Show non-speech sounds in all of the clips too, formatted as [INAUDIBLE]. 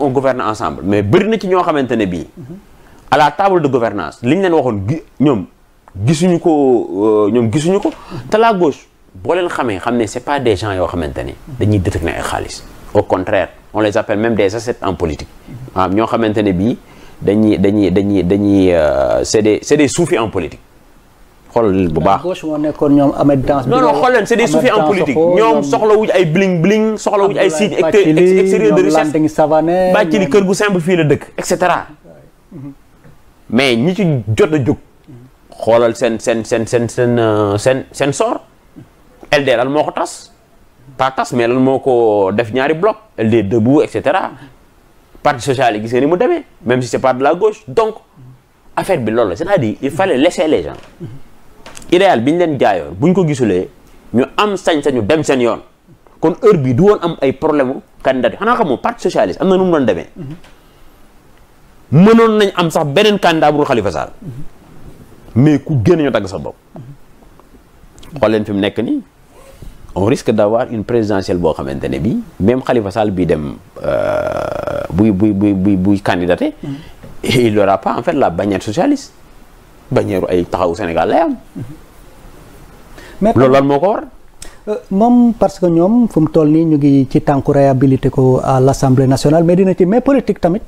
on gouverne ensemble mais bëri na ci ñoo xamante ne bii à la table de gouvernance li ñu leen waxoon gi ñoom gisuñu ko euh, ñoom gisuñu ko te la gauche boo xamee xam ne c'est pas des gens yoo xamante ne dañuy détourner ay xaalis au contraire on les appelle même des assets en politique ñoo xamante ne bii dañuy dañuy dañuy dañuy euh, c'est des c'est des soufis en politique xool bu baax gauche moo nekkoon ñoom Ahmed Dans non non xool leen c'est des soufis en politique ñoom soxla wuñ ay bling bling soxla wuñ ay signe extérieur de richesse bàcci li kër gu simple fii la dëkk et cetera mais ñi ci jot a jóg xoolal seen seen seen seen seen euh, seen seen sor LD lan moo ko tas pas tas mais lan moo ko def ñaari bloc LD debout et cetera parti social yi seen nga mu demee même si c'est pas de la gauche donc affaire bi loolu la c'est-à-dire il fallait laisser les gens idéal bi ñu leen jaayoon bu ñu ko gisulee ñu am sañ-sañu dem seen yoon kon heure bii du woon am ay problème u candidat xanaa xamoo parti socialiste am na nu mu doon demee mënoon nañ am sax beneen candidat bu dul Khalifa mais ku génn ñu tagg sa bopp xool leen fi mu nekk nii on risque d'avoir une présidentielle boo xamante ne bii même Khalifa Sall bi dem euh, buy buy buy buy buy candidaté mm-hmm. il n'aura pas en fet la bannière socialiste bannière ay taxawu Sénégal lay am. loolu lan moo ko war. Euh, moom parce que ñoom fu mu toll nii ñu ngi ci tànku réyabilité ko à l' assemblée nationale mais dina ci mais politique tamit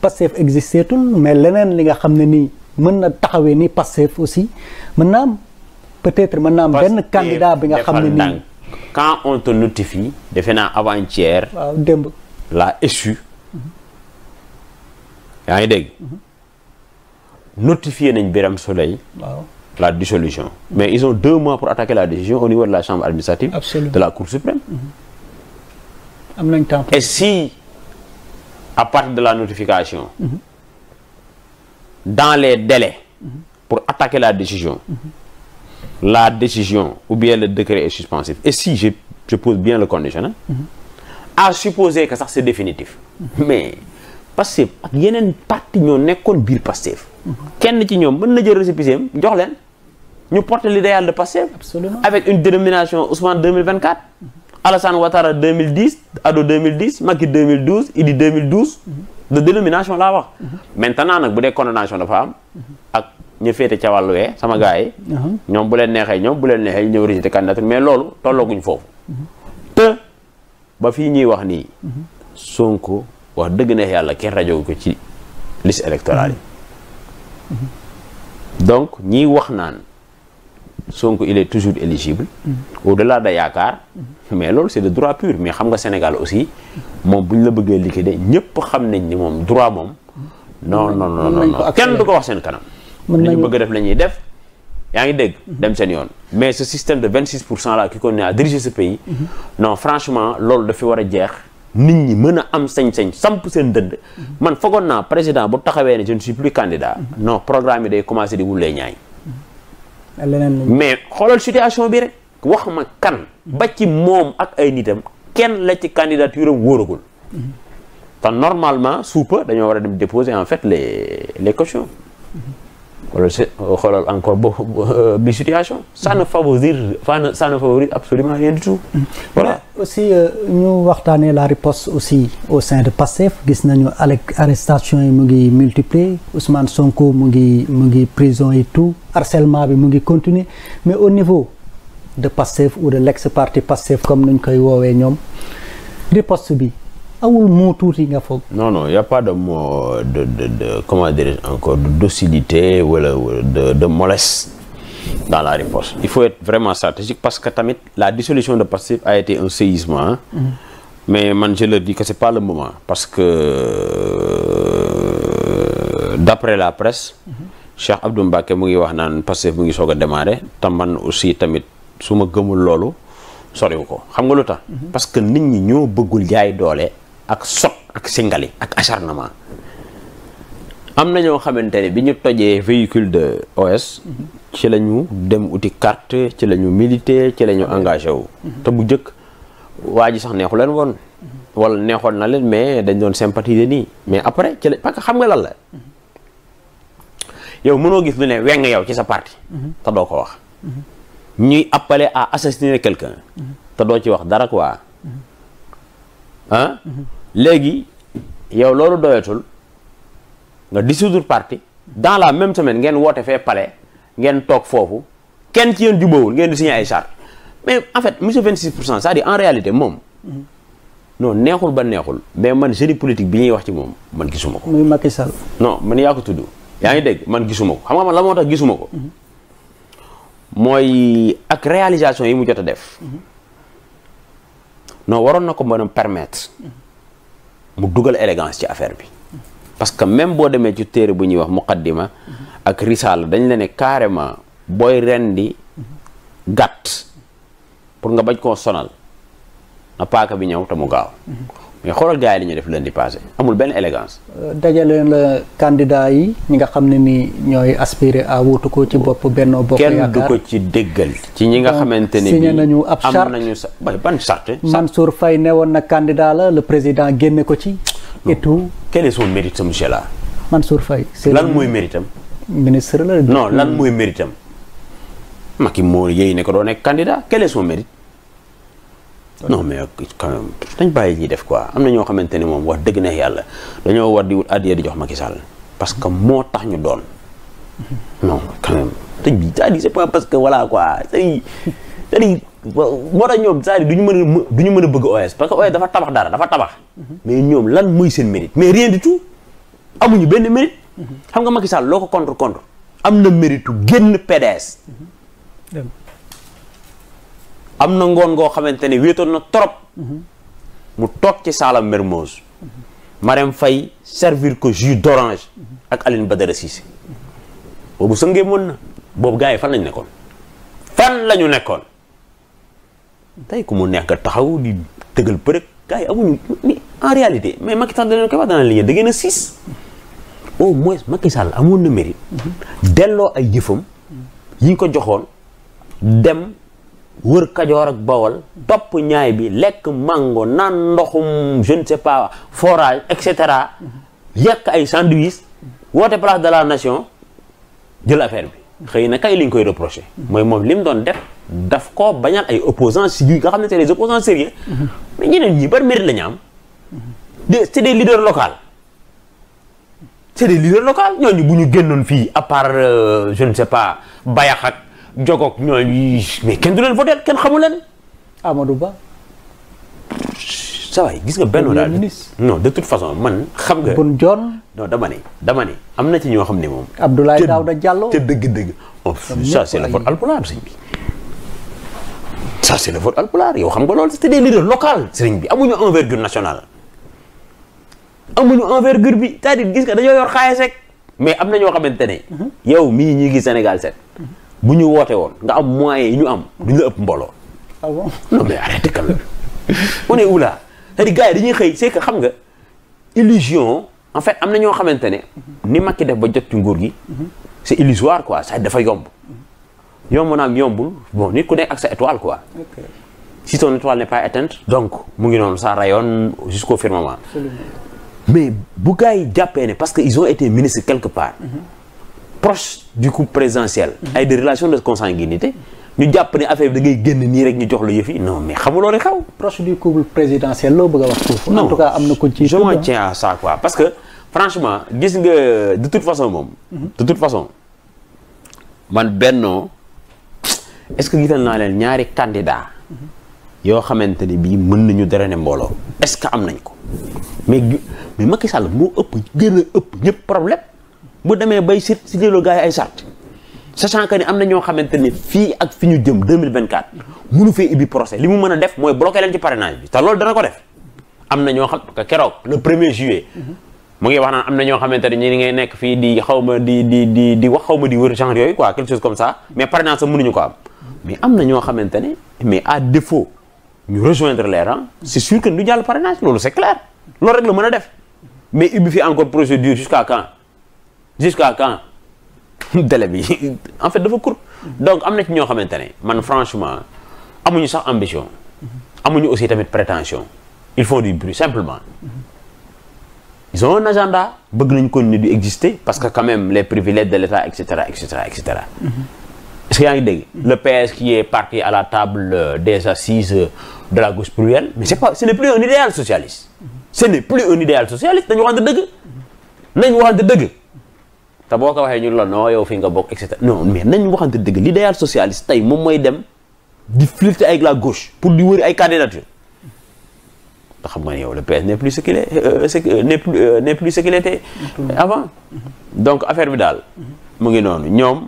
Pastef existeetul mais leneen li nga xam ne nii mën na taxawee ni Pastef aussi mën naa peut-être mën naa am benn candidat bi nga xam ne nii. quand on te notifie defe naa avant-hier. waaw démb. la SU. yaa ngi dégg. Mhm. notifié nañ Birame Souleye waaw la dissolution mais ils ont deux mois pour attaquer la décision au niveau de la chambre administrative de la Cour suprême mm-hmm. am nañ temps et si à partir de la notification mm-hmm. dans les délais mm-hmm. pour attaquer la décision la décision ou bien le décret est suspensif et si je, je pose bien le conditionnel à supposer que ça c'est définitif mais Pastef ak yeneen parti ñoo nekkoon biir Pastef kenn ci ñoom mën na jël récépissé jox leen ñu porte porter l'idéal de Pastef avec une dénomination Ousmane 2024 Alassane Ouattara 2010 Ado 2010 Macky 2012 Idi 2012 de dénomination laa wax maintenant nag bu dee condamnation dafa am ak ñu féete ca wàllu wee sama gars yi ñoom bu leen neexee ñoom bu leen neexee ñu ñëw rejeté candidature mais loolu tollooguñ foofu ba fii ñuy wax nii Sonko waa dëgg na yàlla kenn rajo ko ci liste électorale yi donc ñiy wax naan Sonko il est toujours éligible au laa de yaakaar mais loolu c'est de droit pur mais xam nga Sénégal aussi moom bu ñu la bëggee de ñëpp xam nañ ni moom droit moom non non non non kenn du ko wax seen kanam nañu bëgg def la ñuy def yaa ngi dégg mhm. dem seen yoon mais ce système de 26 pour cent là qui continue à diriger ce pays mhm. non franchement loolu dafi war a jeex nit ñi mën a am sañ-sañ samp seen dënd man foogoon naa président bu taxawee ne je ne suis candidat non programme yi day commencé di wulee ñaay mais xoolal situation bi rek wax ma kan ba ci moom ak ay nitam kenn la ci candidature am wóoragul te normalement suupa dañoo war a dem déposer en fait les les wala xoolal encore bo bi situation. ça ne favorise ça ne favorise absolument rien du tout. voilà aussi euh, ñu waxtaanee la riposte aussi au sein de Pastef gis nañu arrestation yi mu ngi multiplier Ousmane Sonko mu ngi mu ngi prison yi tout harcèlement bi mu ngi continuer mais au niveau de Pastef ou de l'ex-parti Pastef comme ni ñu koy woowee ñoom riposte bi. awul tuuti nga foog. non non y' a pas de mot de de de de docilité wala de de mollesse dans la réponse. il faut être vraiment stratégique parce que tamit la dissolution de Pastef a été un séisme mm. mais man je leur dis que c'est pas le moment parce que euh, d'après la presse. Mm -hmm. Cheikh mu ngi wax naan Pastef mu ngi soog a démarrer te man aussi tamit su ma gëmul loolu soriwu ko xam nga lu tax. Mm-hmm. parce que nit ñi ñoo bëggul jaay doole. ak sot ak singali ak acharnement am na ñoo xamante ne bi ñu tojee véhicule de OS ci lañu dem uti carte ci lañu ñu militer ci la ñu engagé wu te bu njëkk waa ji sax neexu leen woon wala neexoon na leen mais dañ doon sympathiser nii mais après ci la parce xam nga lan la yow mënoo gis lu ne weng yow ci sa parti te doo ko wax ñuy appeler à assassiner quelqu'un te doo ci wax dara quoi ah léegi yow loolu doyatul nga dis dissoudre parti dans la même semaine ngeen woote fee palais ngeen toog foofu kenn ci yéen jubawul ngeen di signé ay charte mais en fait monsieur 26 pour cent cest à en réalité moom non neexul ba neexul mais man génie politique bi ñuy wax ci moom man gisuma ko. muy Macky sal non man yaa ko tudd yaa ngi dégg man gisuma ko xam nga man la moo tax gisuma ko. Mhm. mooy ak réalisation yi mu jot a def. Mhm. non waroon na ko mën a permettre mu dugal élégance ci affaire bi parce que même boo demee ci téere bu ñuy wax muqaddima ak risaala dañ la ne carrément booy rendi gàtt pour nga bañ koo sonal na paaka bi ñëw te mu gaaw mais xoolal gaa yi li ñu def lundi passé amul benn élégance euh, dajale la candidat yi ñi nga xam ne ni ñooy aspiré à wuutu ko ci bopp Benno Bokk Yaakaar kenn du ko ci déggal ci ñi nga xamante ne signé nañu ab charte am nañu sa ban charte Mansour Faye newoon na candidat la le président génne ko ci et tout quel est son mérite ce monsieur là Mansour lan mooy méritam am ministre la non lan mooy méritam am Macky moo yéy ne ko doo nekk candidat quel est son mérite non mais quand même dañ bàyyi ñuy def quoi am na ñoo xamante ni moom wax dëgg na yàlla dañoo war di wut addiya di jox Macky Sall parce que moo tax ñu doon no quand même sëñ bi c'est-à-dire c'est pas parce que voilà quoi c'est c'est-à-dire moo tax ñoom c'est-à-dire ñu mën a duñu mën a bëgg OS parce que OS dafa tabax dara dafa tabax mais ñoom lan mooy seen mérite mais rien du tout amuñu benn mérite xam nga Macky Sall loo ko contre contre am na méritu génn PDS am na ngoon ngoo xamante ni wéetoon na trop mhm. mu toog ci saala Mermoz Marème fay servir ko jus d'orange ak ba Aline Badara Cissé boobu sëngee mën na boobu gars yi fan lañu nekkoon fan lañu nekkoon tey ku mu nekk nga taxaw di tëgal përëg gars yi amuñu ni en réalité mais Macky Sall danañ koy wax dana li da ngeen siis au moins Macky Sall na mérite mhm. delloo ay jëfam yi ñu ko joxoon dem wër kajoor ak bawol topp ñaay bi lekk mango naan ndoxum je ne sais pas forage et cetera yekk ay sandwich woote place de la nation jël affaire bi xëy na kay liñ ñu koy reproché mooy moom li mu doon def daf koo bañal ay opposants yu nga xam ne c'est des opposants sérieux mais ñeneen ñi bari mérite la ñu am c'est des local locaux c'est des leaders ñooñu bu ñu génnoon fii à part euh, je ne sais pas bayax jogoog ñoo mais kenn du leen kenn xamu leen. Amadou Ba. gis nga benn daal non de façon man. xam nga Boun Dionne. non dama ne dama am na ci ñoo xam ne moom. Abdoulaye Daouda Diallo te dëgg-dëgg. Oh, ça c'est le vote alpulaar sëñ bi. ça c'est le vote alpulaar yow xam nga loolu c'était des local locaux sëñ bi amuñu envergure nationale. amuñu envergure bi c'est-à-dire gis nga dañoo yor xaalis rek mais am na ñoo xamante ne. Mhm. yow mii ñii ngi Sénégal set. Mhm. bu ñu wootee woon nga am moyens yi ñu am duñ la ëpp mbooloo. ah mais arrêté quand même. on est où là c'est-à-dire gars yi dañuy xëy c'est que xam nga illusion en fait am na ñoo xamante ne. ni Macky def ba jot ci nguur gi. c'est illusoire quoi ça dafa yomb. yomb naag yombul bon nit ku nekk ak sa étoile quoi. ok si ton étoile n'est pas éteinte. donc mu ngi noonu ça rayonne jusqu'au firmament. mais bu gars yi jàppee ne parce que ils ont été ministres quelque part. Mhm. proche du couple présidentiel. ay des relations de consanguinité. ñu jàpp ne affaire bi da ngay génn nii rek ñu jox la yëf yi non mais xamuloo ne xaw. proche du couple présidentiel loo bëgg a wax ko ci. je m'en tiens à ça que franchement gis nga de façon moom. Mhm. de façon man bennoo est-ce que gisal naa leen ñaari candidat yoo xamante ne bii mën nañu dara ne mbooloo. est-ce que am nañ ko mais mais Macky Sall moo ëpp gën ëpp ñëpp problème. bu demee bay si si delloo gars yi ay charte sachant que ni am na ñoo xamante ni fii ak fi ñu jëm 2024 munu fee ibbi procès li mu mën a def mooy bloqué leen ci parrainage bi te loolu dana def am na ñoo xam que keroog le premier juillet mu ngi wax naan am na ñoo xamante ni ñi ngay nekk fii di xaw ma di di di di wax xaw ma di war genre yooyu quoi quelque chose comme ça mais parrainage sax mënuñu ko am mais am na ñoo xamante ni mais à défaut ñu rejoindre les rangs c'est sûr que du jàll parrainage loolu c'est clair loolu rek la mën a def mais ubbi fi encore procédure jusqu'à jusqu'à quand [LAUGHS] délai bi en fait dafa court donc am na ci ñoo xamante ne man franchement amuñu sax ambition amuñu aussi tamit prétention ils font du bruit simplement ils ont un agenda bëgg nañ continuer di exister parce que quand même les privilèges de l'État et cetera et cetera et cetera mm-hmm. est-ce que yaa ngi mm-hmm. le PS qui est parti à la table euh, des assises euh, de la gauche plurielle mais c'est pas ce n'est plus un idéal socialiste mm-hmm. ce n'est plus un idéal socialiste dañu waxante dëgg nañ dëgg te boo ko waxee ñu la non yow fi nga bokk et cetera non mais nañ waxante dëgg l'idéal socialiste tey moom mooy dem di flirter avec la gauche pour di wëri ay candidature te xam nga ne yow le PS n'est plus ce qu'il est plus euh, euh, n'est plus euh, avant donc affaire bi daal mu ngi noonu ñoom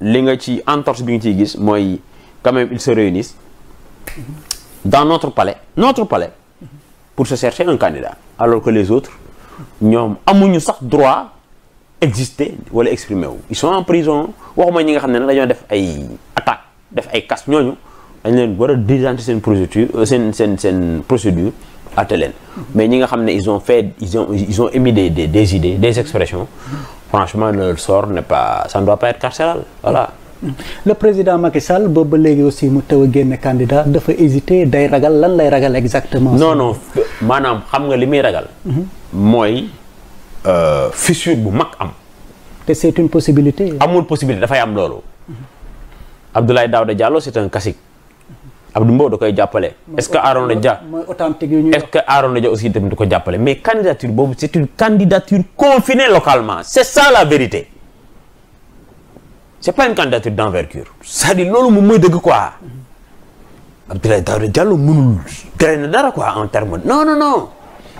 li nga ci entorse bi nga ciy gis mooy quand même ils se réunissent dans notre palais notre palais pour se chercher un candidat alors que les autres ñoom amuñu sax droit exister wala exprimer wu ils sont en prison waxuma ñi nga xam ne nag dañoo def ay attaque def ay casse ñooñu dañ leen war a diligenter seen procédure euh, seen seen seen procédure atte leen mais ñi nga xam ne ils ont fait ils ont ils des des des idées des expressions franchement leur sort n'est pas ça ne doit pas être carcéral voilà le président Macky Sall boobu ba léegi aussi mu taw a génne candidat dafa hésiter day ragal lan lay ragal exactement non non maanaam xam nga li muy ragal mm-hmm. mooy Euh, fissure bu mag am. te c'est une possibilité. amul possibilité dafay am loolu. Abdoulaye jàlloo Diallo c'est un classique. Abdou Mbow da koy jàppale. est-ce que Arona Dia mooy authentique yu ñu est-ce que Arona Dia aussi tamit du ko jàppale mais candidature boobu c'est une candidature confinée localement c'est ça la vérité. c'est pas une candidature d'envergure. c'est-à-dire loolu moom mooy dëgg quoi. Abdoulaye Daouda Diallo mënul. traîner dara quoi en terme non non non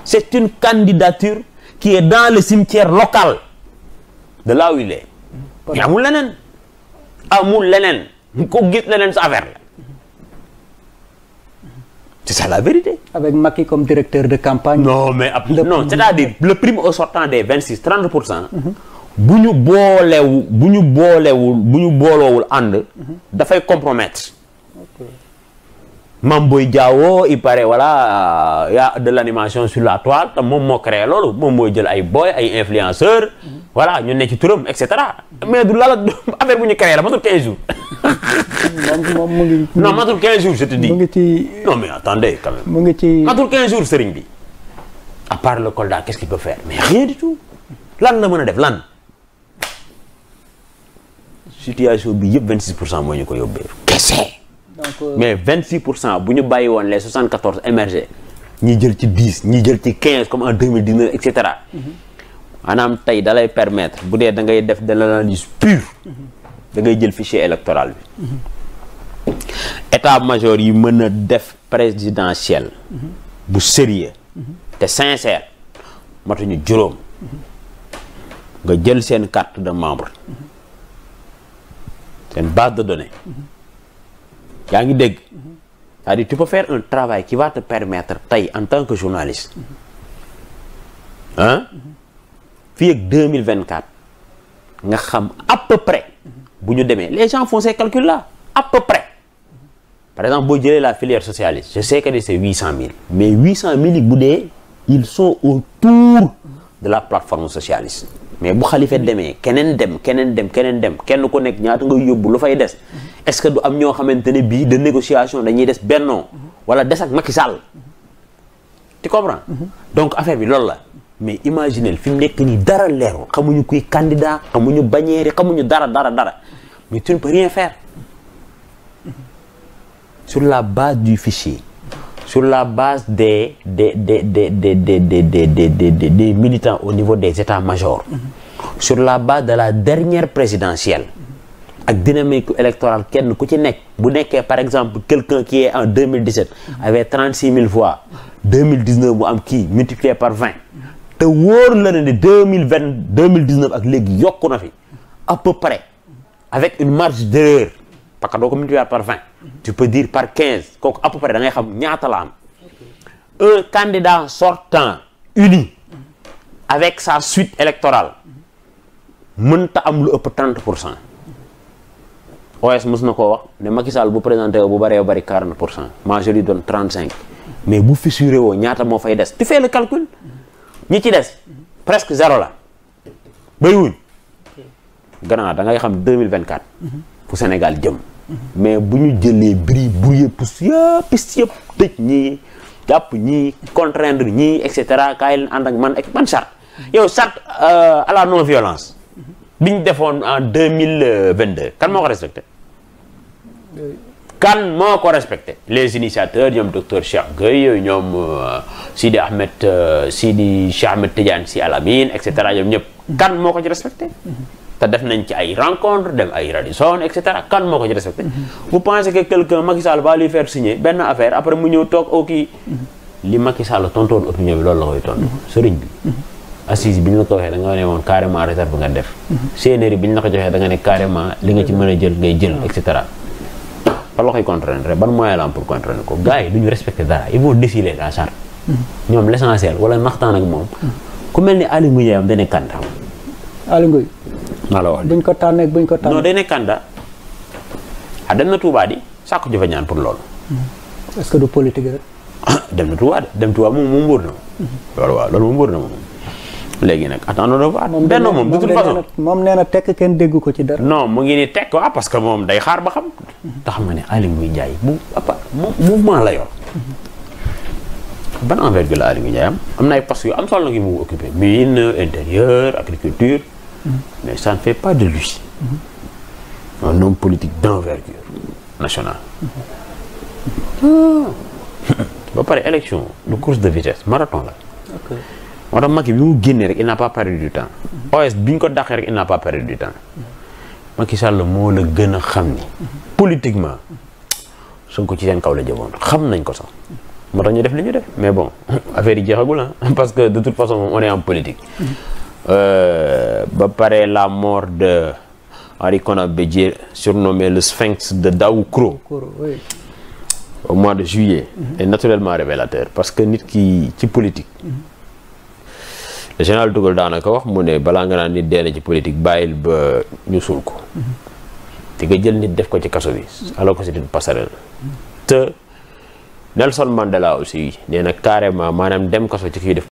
c'est une candidature. qui est dans le cimetière local de là où il est. amul leneen amul leneen ko gis leneen sa affaire la c'est ça la vérité. avec Macky comme directeur de campagne. non mais ab non c'est-à-dire le prime au sortant des vingt trente pour cent. Mhm. bu ñu boolewu bu ñu boolewul bu ñu booloowul ànd. Mhm. dafay compromettre. Mamboy Diawo il paraît voilà euh, y a de l'animation sur la toile te moom moo créé loolu moom mooy jël ay boy ay influenceurs voilà ñu nekk ci turam et cetera mais du a [LAUGHS] affaire bu ñu créé la matul 15 jours. moom mu ngi. non matul 15 jours je te dis. mu ci non mais attendez quand mu ngi ci matul 15 jours sëriñ bi. à part le Kolda qu'est-ce qu'il peut faire mais rien du tout lan la mën a def lan. situation bi yëpp 26 pour cent moo ñu ko yóbbee. kese. Euh, mais vingt 26 pour cent bu ñu bàyyi woon les 74 émergés ñi jël ci 10 ñi jël ci 15 comme en 2019 et cetera. maanaam tey dalay lay permettre bu dee dangay def de l' analyse pure. da ngay jël fichier électoral bi. état major yi mën a def présidentiel. bu sérieux te sincère matuñu juróom. nga jël seen carte de membre. seen base de données. yaa ngi dégg c'est-à-dire tu peux faire un travail qui va te permettre tey en tant que journaliste ah fii nga xam a peu près bu ñu demee les gens font ces calculs là à peu près par exemple boo jëlee la filière socialiste je sais que ni c'est 800000 mais 800000 yi bu dee ils sont autour de la plateforme socialiste mais bu xalifa demee keneen dem keneen dem keneen dem kenn ku nekk ñaata nga yóbbu lu fay des est-ce que du am ñoo xamante ne bii de négociation dañuy des bennoo wala des ak Macky Sall tu comprends donc affaire bi loolu la mais imaginez fi mu nekk nii dara leerul xamuñu kuy candidat xamuñu bannière xamuñu dara dara dara mais tu ne peux rien faire sur la base du fichier sur la base des des des des des des des des des des militants au niveau des états-majors. sur la base de la dernière présidentielle. ak dynamique électorale kenn ku ci nekk. bu nekkee par exemple quelqu'un qui est en 2017. avait 36 000 voix. 2019 mu am kii multiplié par 20. te wóor la ne ne 2020 2019 ak léegi yokku na fi. à peu près. avec une marge d'erreur parce que doo ko multiplier par 20. tu peux dire par quinze kooku à peu près da xam ñaata la am un candidat sortant uni avec sa suite électorale mënta am lu ëpp trente pour cent OS mus na koo wax ne Macky Sall bu présenté bu bëree bëri quarante pour cent moi je lui cinq mais bu fissuré woo ñaata moo fay des tu fais le calcul ñi ci des presque zéro la béy wuñ gannaaw da ngay xam deux mille vingt quatre fu Sénégal jëm. mais bu ñu jëlee bri brouillé pousse yëpp piste yëpp tëj ñii jàpp ñii contraindre ñii et cetera kaay leen ànd ak man ak man charte yow charte euh, à la non violence bi ñu defoon en deux mille vingt deux kan moo ko respecté ko respecté les initiateurs ñoom docteur Cheikh Gueye ñoom euh, Sidi Ahmed euh, Sidi Cheikh Ahmed Tidiane Sy Al Amine et cetera ñoom ñëpp kan moo ko ci respecté te def nañ ci ay rencontre dem ay radisson et cetera kan moo ko ci respecté. Mhm. vous pensez que quelqu'un Macky Sall va lui faire signer benn affaire après mu ñëw toog au kii. Mhm. li Macky Sall tontoon opinion bi loolu la koy tontu. Mhm. sëriñ bi. assise bi ñu la ko waxee da nga ne woon carrément réserve nga def. CNRI bi ñu la da nga ne carrément li nga ci mën a jël ngay jël et cetera. par la koy ba ban moyen la am pour contraindre ko gars yi du ñu respecté dara il faut décider la charte. ñoom l' essentiel wala naxtaan ak moom. ku mel ni Aly Ngouille am dana kan. maa la wax buñ ko tànneeg buñ ko tànn. non day nekk candidat ah dem na Touba di sàkku ji ñaan pour loolu. Hmm. est que du politique rek. Ah, dem na Touba de dem Touba moom moom wóor na ma. loolu waaw loolu moom wóor na léegi nag attendons le ba. Ah, moom benn moom de toute façon moom nee na tekk kenn dégg ko ci dara. no mu ngi ni tekk waaw parce que moom day xaar ba xam. te xam nga ne Aly Ngouille Ndiaye bu apa mouvement la yor. ban envergure la Aly Ngouille Ndiaye am am na ay postes yu am solo la ngi mu occupé mine intérieur agriculture. mais ça ne fait pas de lui un homme politique d'envergure nationale. Ah. [LAUGHS] ba pare élection lu course de vitesse marathon la. ok tax Macky bi mu génnee rek il n'a pas perdu du temps. OS bi ko dàqee rek il n'a pas perdu du temps. Macky Sall moo la gën a xam ni. politiquement Sonko ci seen kaw la jëmoon xam nañ ko sax. moo tax ñu def li ñu def mais bon [LAUGHS] affaire yi jeexagul ah [LAUGHS] parce que de toute façon moom on est en politique. Euh, ba pare la mort de Henri Konan Bédié surnommé le sphinx de Daoukro oui. au mois de juillet mm -hmm. est naturellement révélateur parce que nit ki ci politique mm -hmm. daanaka wax mu ne balaa nga naan nit dee ci politique bàyyil ba ñu suul ko te mhm. nga jël nit def ko ci kaso bi alors que c'est une passerelle mhm. te Nelson Mandela aussi nee na carrément maanaam dem kaso ci kii def